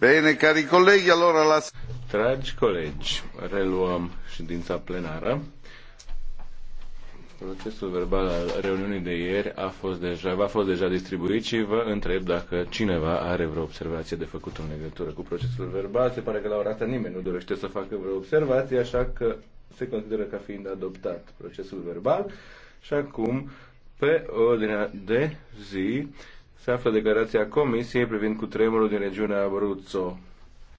Bine, cari colegi, allora la... Dragi colegi, reluăm ședința plenară. Procesul verbal al reuniunii de ieri a fost deja, a fost deja distribuit și vă întreb dacă cineva are vreo observație de făcut în legătură cu procesul verbal. Se pare că la ora asta nimeni nu dorește să facă vreo observație, așa că se consideră ca fiind adoptat procesul verbal. Și acum, pe ordinea de zi, se află declarația Comisiei privind cutremurul din regiunea Abruzzo.